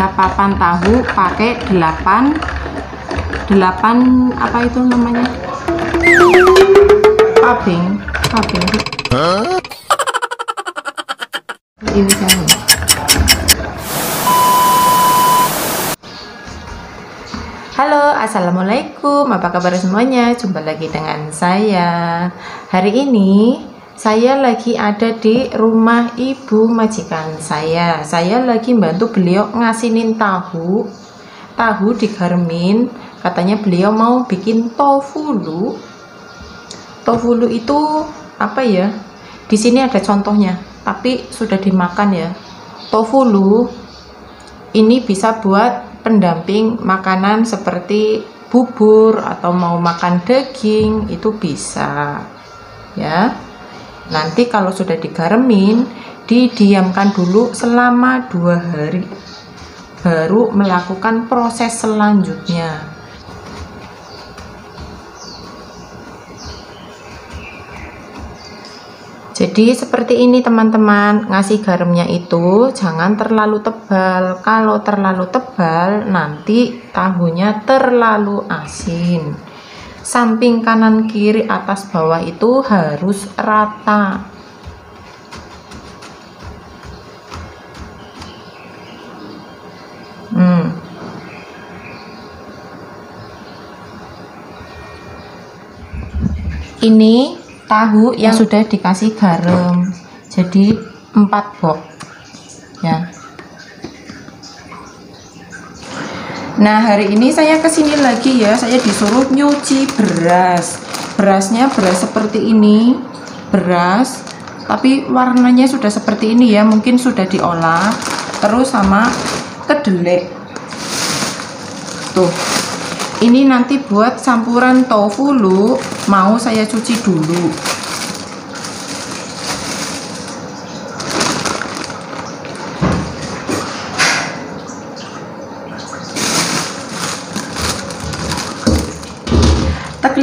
ada papan tahu pakai 8 8 apa itu namanya paping paping huh? ini kan Halo Assalamualaikum apa kabar semuanya jumpa lagi dengan saya hari ini saya lagi ada di rumah ibu majikan saya saya lagi bantu beliau ngasinin tahu tahu di garmin katanya beliau mau bikin tofu lu tofu lu itu apa ya di sini ada contohnya tapi sudah dimakan ya tofu lu ini bisa buat pendamping makanan seperti bubur atau mau makan daging itu bisa ya Nanti kalau sudah digaremin, didiamkan dulu selama dua hari. Baru melakukan proses selanjutnya. Jadi seperti ini teman-teman, ngasih garamnya itu jangan terlalu tebal. Kalau terlalu tebal nanti tahunya terlalu asin samping kanan kiri atas bawah itu harus rata hmm. ini tahu yang sudah dikasih garam jadi empat box ya Nah hari ini saya kesini lagi ya Saya disuruh nyuci beras Berasnya beras seperti ini Beras Tapi warnanya sudah seperti ini ya Mungkin sudah diolah Terus sama kedelai Tuh Ini nanti buat campuran tofu lu Mau saya cuci dulu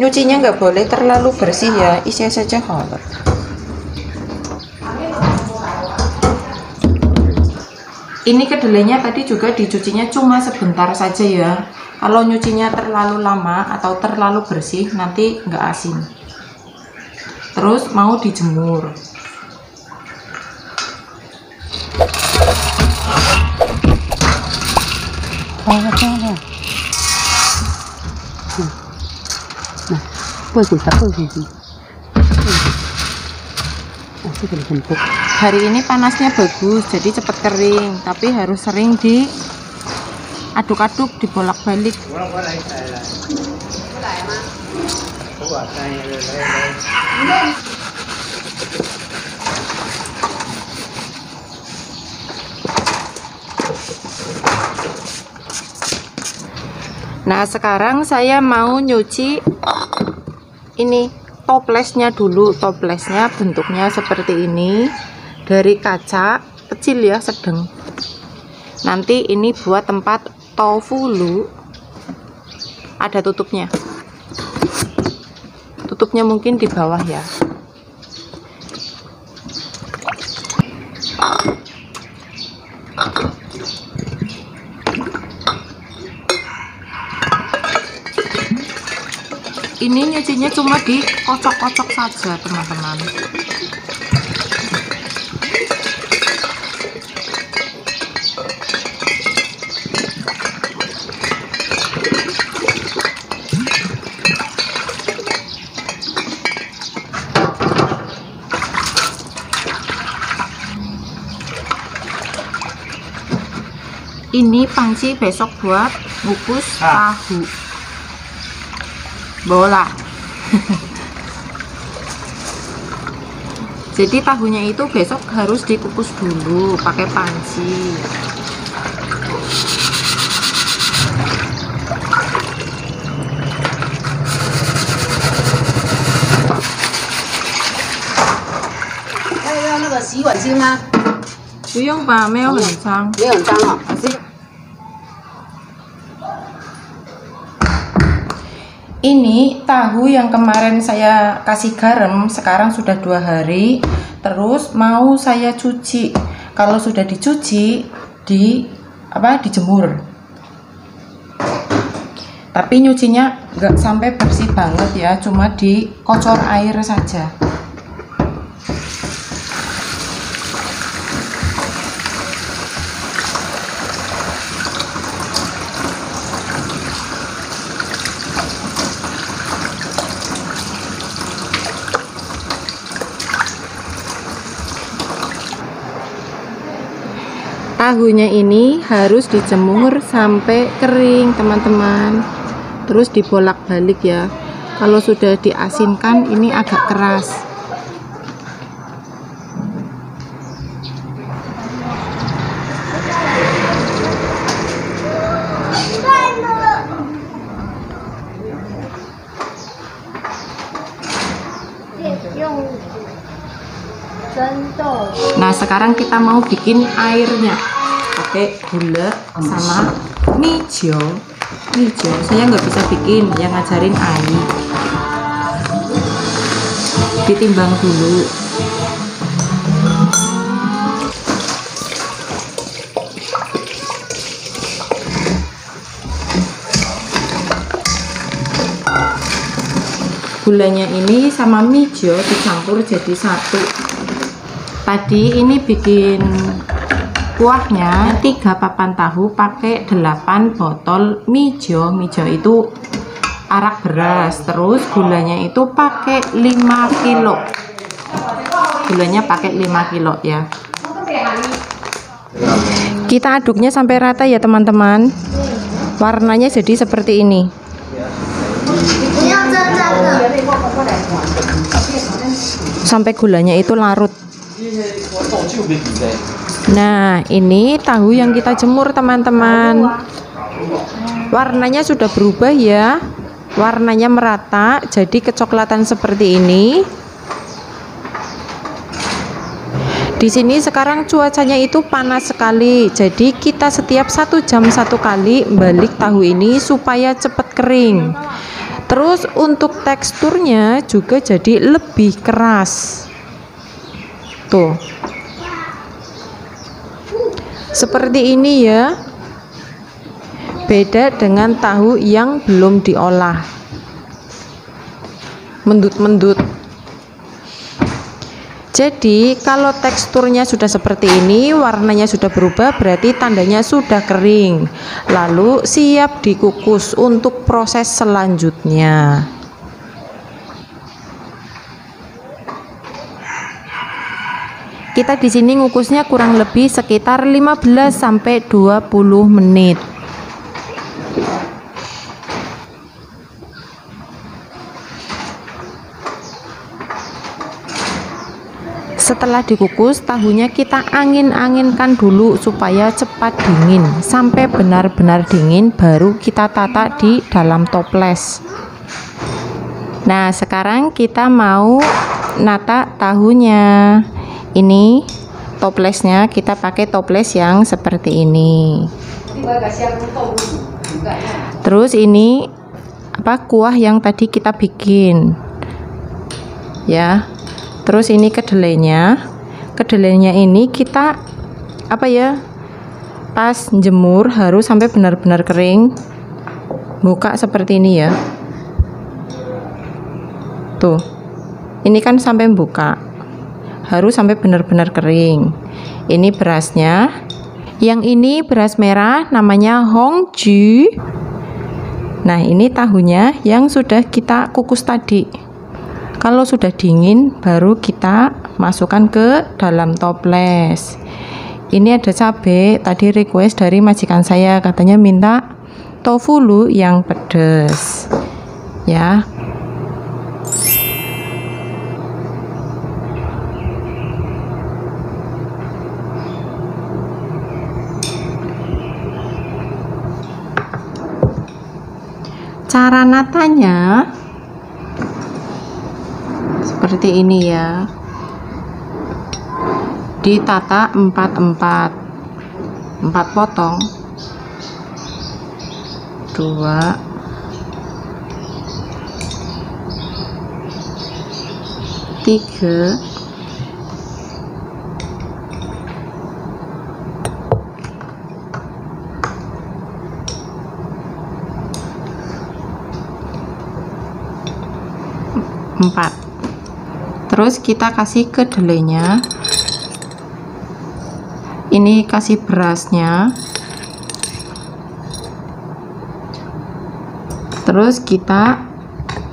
nyucinya nggak boleh terlalu bersih ya isi saja kolor ini kedelainya tadi juga dicucinya cuma sebentar saja ya kalau nyucinya terlalu lama atau terlalu bersih nanti nggak asin terus mau dijemur Oh, bagus belum bagus hari ini panasnya bagus jadi cepat kering tapi harus sering di aduk-aduk dibolak-balik Nah sekarang saya mau nyuci ini toplesnya dulu toplesnya bentuknya seperti ini dari kaca kecil ya sedang nanti ini buat tempat tofu lu ada tutupnya tutupnya mungkin di bawah ya ini nyucinya cuma dikocok-kocok saja teman-teman ini panci besok buat ngukus ah. tahu bola jadi tahunya itu besok harus dikukus dulu pakai panci Ayo, ini tahu yang kemarin saya kasih garam sekarang sudah dua hari terus mau saya cuci kalau sudah dicuci di apa dijemur tapi nyucinya nggak sampai bersih banget ya cuma dikocor air saja tahunya ini harus dijemur sampai kering teman-teman terus dibolak-balik ya kalau sudah diasinkan ini agak keras Nah sekarang kita mau bikin airnya pakai gula sama mijo mijo saya nggak bisa bikin yang ngajarin Ai ditimbang dulu gulanya ini sama mijo dicampur jadi satu tadi ini bikin kuahnya 3 papan tahu pakai 8 botol mijo mijo itu arak beras terus gulanya itu pakai 5 kilo gulanya pakai 5 kilo ya kita aduknya sampai rata ya teman-teman warnanya jadi seperti ini sampai gulanya itu larut Nah, ini tahu yang kita jemur, teman-teman. Warnanya sudah berubah ya. Warnanya merata, jadi kecoklatan seperti ini. Di sini sekarang cuacanya itu panas sekali, jadi kita setiap satu jam satu kali balik tahu ini supaya cepat kering. Terus untuk teksturnya juga jadi lebih keras. Tuh seperti ini ya beda dengan tahu yang belum diolah mendut-mendut jadi kalau teksturnya sudah seperti ini warnanya sudah berubah berarti tandanya sudah kering lalu siap dikukus untuk proses selanjutnya Kita di sini ngukusnya kurang lebih sekitar 15 sampai 20 menit. Setelah dikukus, tahunya kita angin-anginkan dulu supaya cepat dingin. Sampai benar-benar dingin baru kita tata di dalam toples. Nah, sekarang kita mau nata tahunya ini toplesnya kita pakai toples yang seperti ini terus ini apa kuah yang tadi kita bikin ya terus ini kedelainya kedelainya ini kita apa ya pas jemur harus sampai benar-benar kering buka seperti ini ya tuh ini kan sampai buka harus sampai benar-benar kering. Ini berasnya. Yang ini beras merah namanya Hongju. Nah, ini tahunya yang sudah kita kukus tadi. Kalau sudah dingin baru kita masukkan ke dalam toples. Ini ada cabe, tadi request dari majikan saya katanya minta tofu lu yang pedes. Ya, cara natanya seperti ini ya ditata empat empat potong dua tiga. 4 terus kita kasih kedelainya ini kasih berasnya terus kita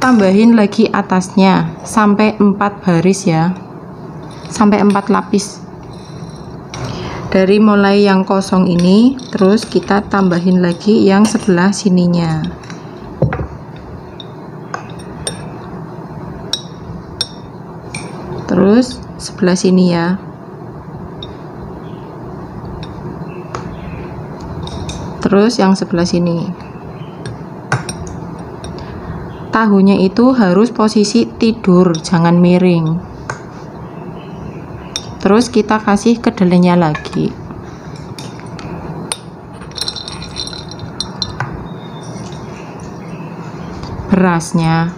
tambahin lagi atasnya sampai 4 baris ya sampai 4 lapis dari mulai yang kosong ini terus kita tambahin lagi yang sebelah sininya terus sebelah sini ya terus yang sebelah sini tahunya itu harus posisi tidur jangan miring terus kita kasih kedelainya lagi berasnya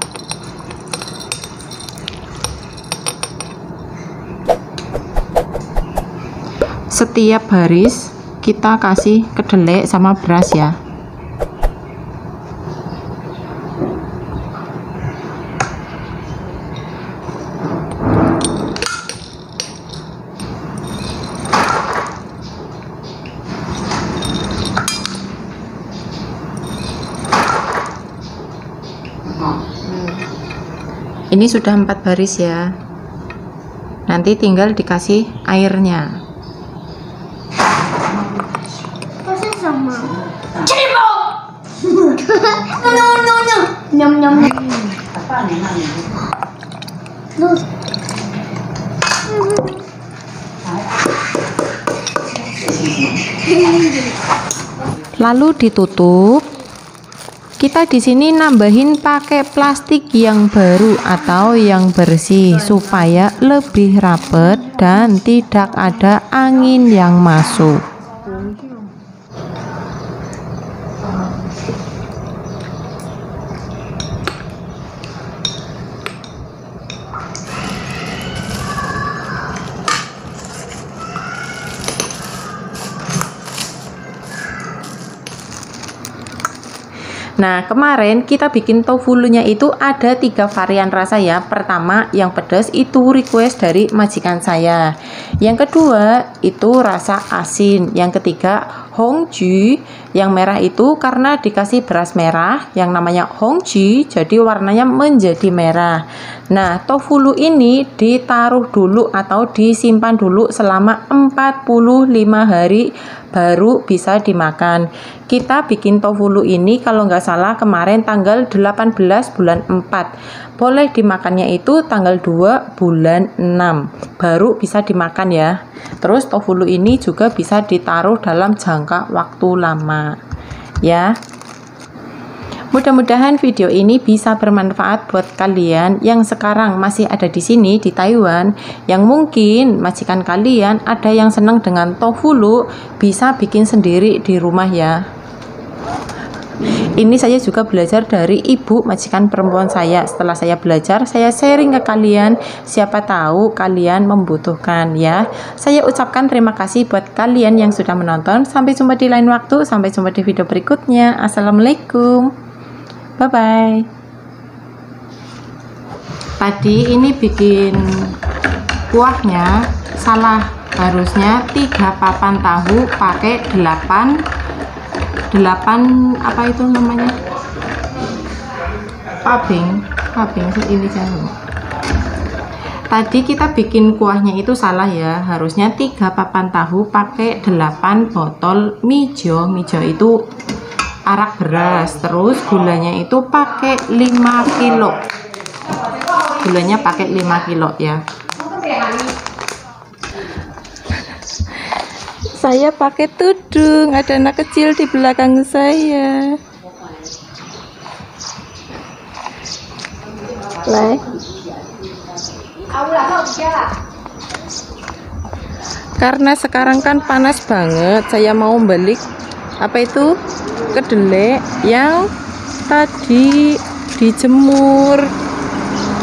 setiap baris kita kasih kedelai sama beras ya ini sudah empat baris ya nanti tinggal dikasih airnya sama. Cerimo. no no no. Nyam nyam. Apa nih Lalu ditutup. Kita di sini nambahin pakai plastik yang baru atau yang bersih supaya lebih rapet dan tidak ada angin yang masuk. Nah, kemarin kita bikin tofu lunya itu ada tiga varian rasa ya. Pertama, yang pedas itu request dari majikan saya. Yang kedua, itu rasa asin. Yang ketiga, Hongju yang merah itu karena dikasih beras merah yang namanya Hongju jadi warnanya menjadi merah nah tofulu ini ditaruh dulu atau disimpan dulu selama 45 hari baru bisa dimakan kita bikin tofulu ini kalau nggak salah kemarin tanggal 18 bulan 4 boleh dimakannya itu tanggal 2 bulan 6 baru bisa dimakan ya. Terus tofulu ini juga bisa ditaruh dalam jangka waktu lama. Ya. Mudah-mudahan video ini bisa bermanfaat buat kalian yang sekarang masih ada di sini di Taiwan yang mungkin majikan kalian ada yang senang dengan tofu lu bisa bikin sendiri di rumah ya. Ini saya juga belajar dari ibu majikan perempuan saya. Setelah saya belajar, saya sharing ke kalian. Siapa tahu kalian membutuhkan ya. Saya ucapkan terima kasih buat kalian yang sudah menonton. Sampai jumpa di lain waktu, sampai jumpa di video berikutnya. Assalamualaikum. Bye bye. Tadi ini bikin kuahnya salah harusnya 3 papan tahu pakai 8 delapan apa itu namanya pabing pabing ini jahe tadi kita bikin kuahnya itu salah ya harusnya tiga papan tahu pakai delapan botol mijo mijo itu arak beras terus gulanya itu pakai 5 kilo gulanya pakai 5 kilo ya Saya pakai tudung, ada anak kecil di belakang saya. Lai. Karena sekarang kan panas banget, saya mau balik apa itu kedelai yang tadi dijemur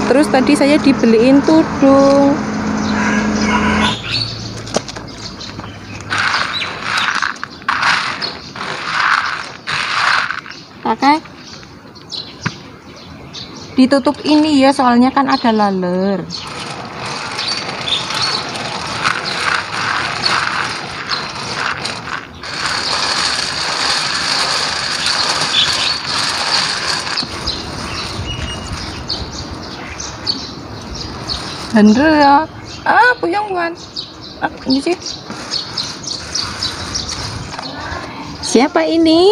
terus tadi saya dibeliin tudung pakai ditutup ini ya soalnya kan ada laler Bener ya. Ah, puyeng kan. Ah, ini sih. Siapa ini?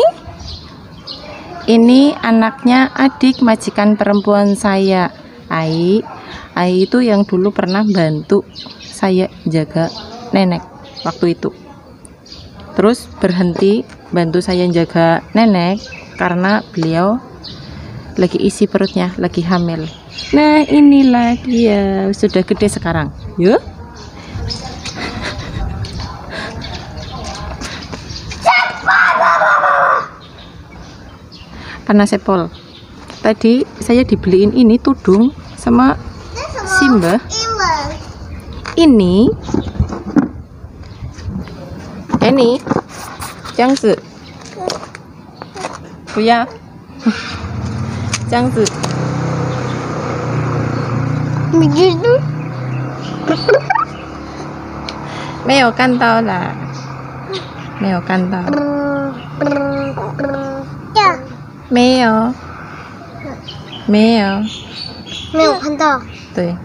ini anaknya adik majikan perempuan saya Ai Ai itu yang dulu pernah bantu saya jaga nenek waktu itu terus berhenti bantu saya jaga nenek karena beliau lagi isi perutnya lagi hamil nah inilah dia sudah gede sekarang yuk sepul, tadi saya dibeliin ini tudung sama Simba ini ini Jiangzi Buya Jiangzi begitu kan 没有看到啦，没有看到。没有，没有，没有看到。对。